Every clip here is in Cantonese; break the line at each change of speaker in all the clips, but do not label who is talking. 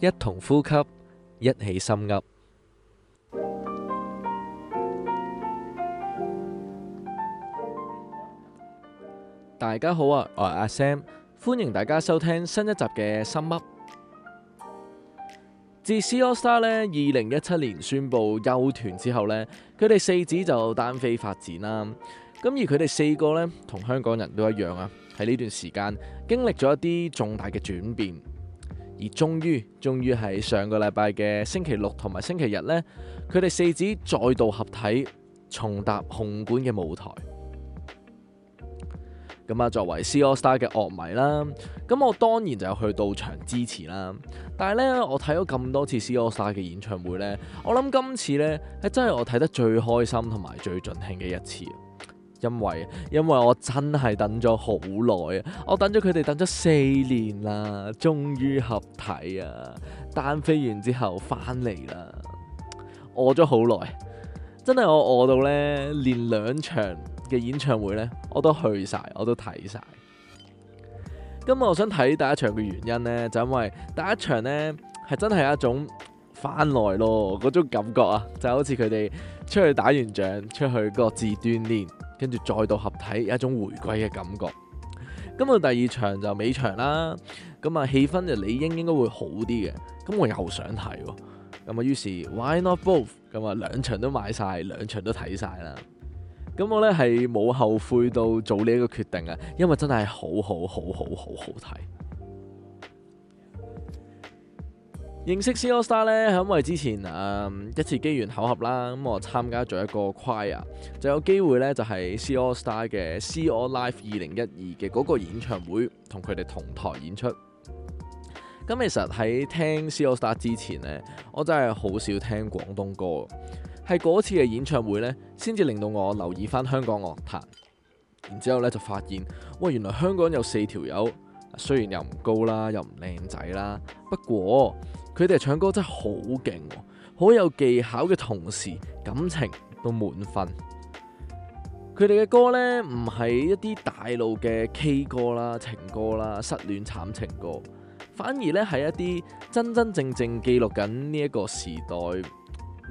一同呼吸，一起心噏。大家好啊，我係阿 Sam，歡迎大家收聽新一集嘅心噏。自 C All Star 呢，二零一七年宣布休團之後呢，佢哋四子就單飛發展啦。咁而佢哋四個呢，同香港人都一樣啊，喺呢段時間經歷咗一啲重大嘅轉變。而終於，終於係上個禮拜嘅星期六同埋星期日呢，佢哋四子再度合體，重踏紅館嘅舞台。咁、嗯、啊，作為 C AllStar 嘅樂迷啦，咁我當然就去到場支持啦。但係呢，我睇咗咁多次 C AllStar 嘅演唱會呢，我諗今次呢係真係我睇得最開心同埋最盡興嘅一次。因為因為我真係等咗好耐啊，我等咗佢哋等咗四年啦，終於合體啊！單飛完之後翻嚟啦，餓咗好耐，真係我餓到呢，連兩場嘅演唱會呢我都去晒，我都睇晒。今日我想睇第一場嘅原因呢，就因為第一場呢係真係一種翻來咯，嗰種感覺啊，就好似佢哋出去打完仗，出去各自鍛煉。跟住再度合體，有一種回歸嘅感覺。咁啊，第二場就尾場啦。咁啊，氣氛就理應應該會好啲嘅。咁我又想睇喎、哦。咁啊，於是 Why not both？咁啊，兩場都買晒，兩場都睇晒啦。咁我呢係冇後悔到做呢一個決定啊，因為真係好好好好好好睇。認識 C AllStar 呢，係因為之前誒、嗯、一次機緣巧合啦，咁我參加咗一個 choir 就有機會呢，就係 C AllStar 嘅 C AllLive 二零一二嘅嗰個演唱會，同佢哋同台演出。咁其實喺聽 C AllStar 之前呢，我真係好少聽廣東歌，係嗰次嘅演唱會呢，先至令到我留意返香港樂壇。然之後呢，就發現，哇！原來香港有四條友，雖然又唔高啦，又唔靚仔啦，不過～佢哋唱歌真係好勁，好有技巧嘅同時，感情都滿分。佢哋嘅歌呢，唔係一啲大路嘅 K 歌啦、情歌啦、失戀慘情歌，反而呢，係一啲真真正正記錄緊呢一個時代、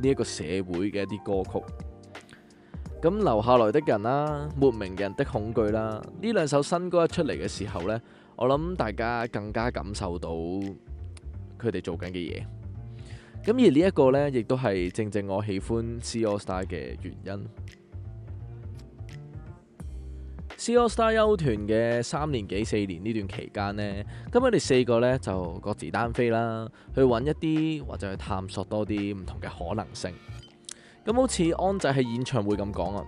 呢一個社會嘅一啲歌曲。咁留下來的人啦，莫名的人的恐懼啦，呢兩首新歌一出嚟嘅時候呢，我諗大家更加感受到。佢哋做緊嘅嘢，咁而呢一個呢，亦都係正正我喜歡 C All Star 嘅原因。C All Star 休團嘅三年幾四年呢段期間呢，咁我哋四個呢，就各自單飛啦，去揾一啲或者去探索多啲唔同嘅可能性。咁好似安仔喺演唱會咁講啊，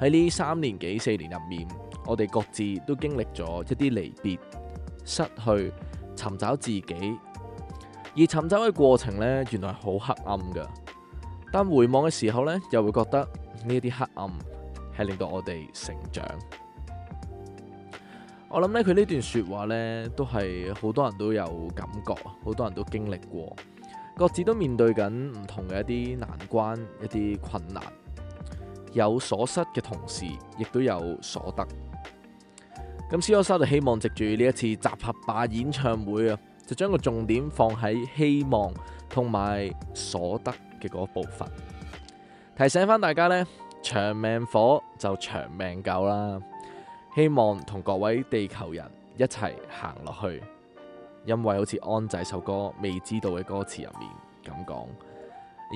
喺呢三年幾四年入面，我哋各自都經歷咗一啲離別、失去、尋找自己。而尋找嘅過程呢，原來好黑暗㗎。但回望嘅時候呢，又會覺得呢啲黑暗係令到我哋成長。我諗呢，佢呢段説話呢，都係好多人都有感覺，好多人都經歷過，各自都面對緊唔同嘅一啲難關、一啲困難，有所失嘅同時，亦都有所得。咁 Coco 就希望藉住呢一次集合霸演唱會啊！就將個重點放喺希望同埋所得嘅嗰部分，提醒返大家呢，長命火就長命夠啦！希望同各位地球人一齊行落去，因為好似安仔首歌《未知道》嘅歌詞入面咁講：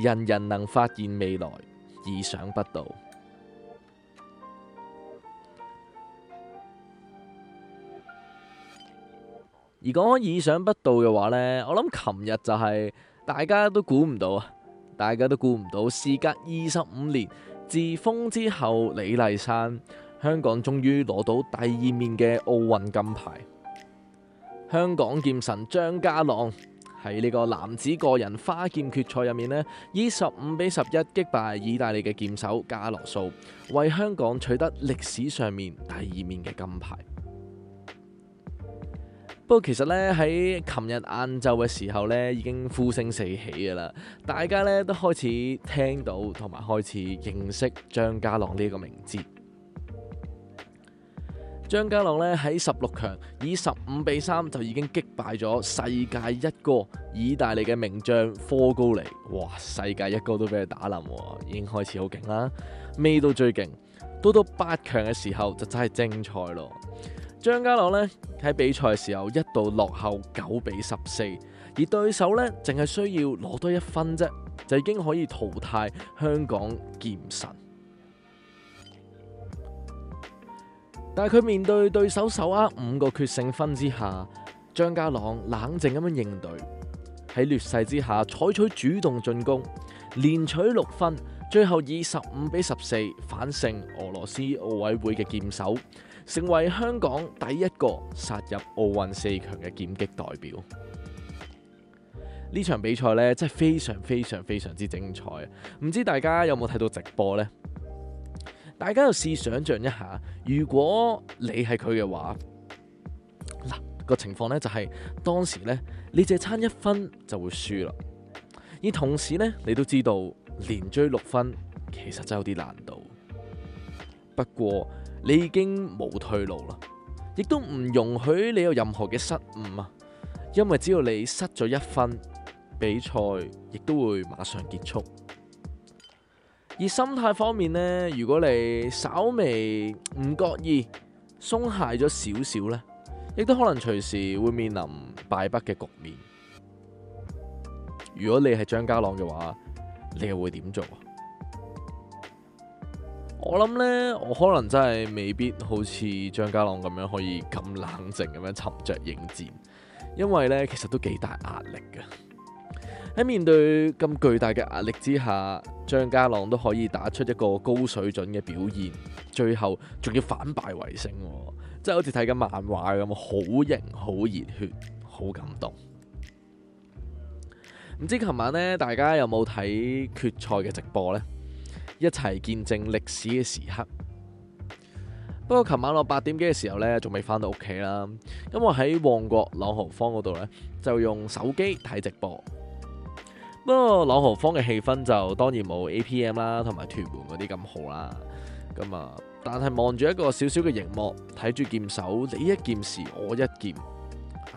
人人能發現未來，意想不到。如果意想不到嘅話呢，我諗琴日就係大家都估唔到啊！大家都估唔到，事隔二十五年，自封之後，李麗珊香港終於攞到第二面嘅奧運金牌。香港劍神張家朗喺呢個男子個人花劍決賽入面呢，以十五比十一擊敗意大利嘅劍手加羅素，為香港取得歷史上面第二面嘅金牌。不過其實咧，喺琴日晏晝嘅時候咧，已經呼聲四起嘅啦。大家咧都開始聽到同埋開始認識張家朗呢一個名字。張家朗咧喺十六強以十五比三就已經擊敗咗世界一哥意大利嘅名將科高尼。哇！世界一哥都俾佢打冧喎，已經開始好勁啦。未到最勁，到到八強嘅時候就真係精彩咯。張家朗呢，喺比賽嘅時候一度落後九比十四，而對手呢淨係需要攞多一分啫，就已經可以淘汰香港劍神。但係佢面對對手手握五個決勝分之下，張家朗冷靜咁樣應對，喺劣勢之下採取主動進攻，連取六分，最後以十五比十四反勝俄羅斯奧委會嘅劍手。成為香港第一個殺入奧運四強嘅劍擊代表。呢場比賽呢，真係非常非常非常之精彩，唔知大家有冇睇到直播呢？大家就試想象一下，如果你係佢嘅話，嗱，那個情況呢，就是，就係當時呢，你淨係差一分就會輸啦。而同時呢，你都知道連追六分其實真係有啲難度。不過，你已經冇退路啦，亦都唔容許你有任何嘅失誤啊！因為只要你失咗一分，比賽亦都會馬上結束。而心態方面呢，如果你稍微唔覺意鬆懈咗少少呢，亦都可能隨時會面臨敗北嘅局面。如果你係張家朗嘅話，你又會點做啊？我諗呢，我可能真係未必好似張家朗咁樣可以咁冷靜咁樣沉着應戰，因為呢其實都幾大壓力噶。喺面對咁巨大嘅壓力之下，張家朗都可以打出一個高水準嘅表現，最後仲要反敗為勝，即、哦、係好似睇緊漫畫咁，好型，好熱血，好感動。唔知琴晚呢，大家有冇睇決賽嘅直播呢？一齊見證歷史嘅時刻。不過琴晚我八點幾嘅時候呢，仲未返到屋企啦。咁我喺旺角朗豪坊嗰度呢，就用手機睇直播。不過朗豪坊嘅氣氛就當然冇 APM 啦，同埋屯門嗰啲咁好啦。咁啊，但係望住一個小小嘅熒幕，睇住劍手，你一劍時我一劍。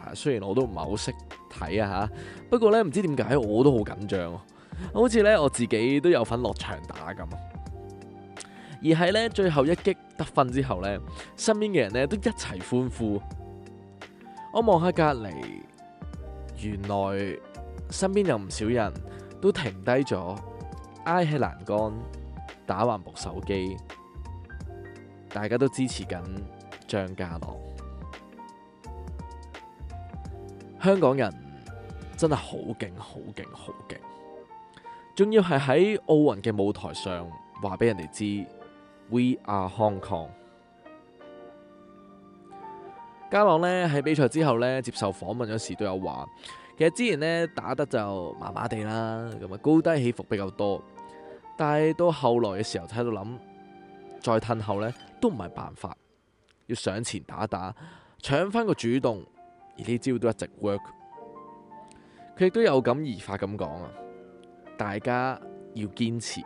啊，雖然我都唔係好識睇啊，嚇。不過呢，唔知點解我都好緊張啊。好似咧，我自己都有份落場打咁，而喺呢最後一擊得分之後呢，身邊嘅人呢都一齊歡呼。我望下隔籬，原來身邊有唔少人都停低咗，挨喺欄杆打橫部手機，大家都支持緊張家朗。香港人真係好勁，好勁，好勁！仲要係喺奧運嘅舞台上話俾人哋知，We are Hong Kong。家朗咧喺比賽之後咧接受訪問嗰時都有話，其實之前咧打得就麻麻地啦，咁啊高低起伏比較多，但係到後來嘅時候，睇到諗再褪後咧都唔係辦法，要上前打打，搶翻個主動，而呢招都一直 work。佢亦都有感而發咁講啊。大家要堅持，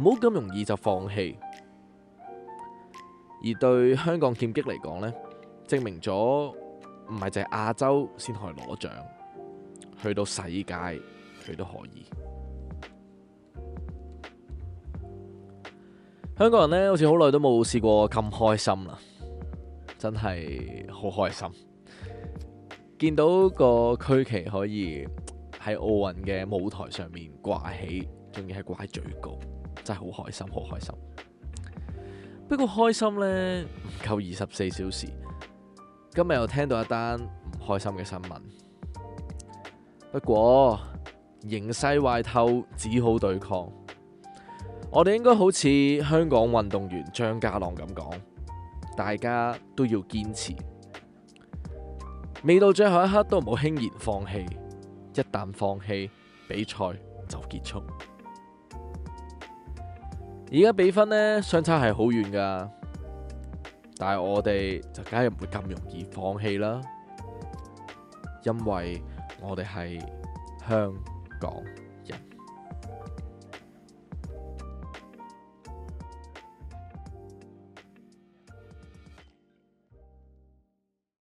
唔好咁容易就放棄。而對香港劍擊嚟講呢，證明咗唔係淨係亞洲先可以攞獎，去到世界佢都可以。香港人呢，好似好耐都冇試過咁開心啦，真係好開心，見到個區旗可以喺奧運嘅舞台上面掛起，仲要係掛喺最高，真係好開心，好開心。不過開心呢，唔夠二十四小時，今日又聽到一單唔開心嘅新聞。不過形勢壞透，只好對抗。我哋應該好似香港運動員張家朗咁講，大家都要堅持，未到最後一刻都唔好輕言放棄。一旦放棄，比賽就結束。而家比分呢，相差係好遠㗎，但係我哋就梗係唔會咁容易放棄啦，因為我哋係香港。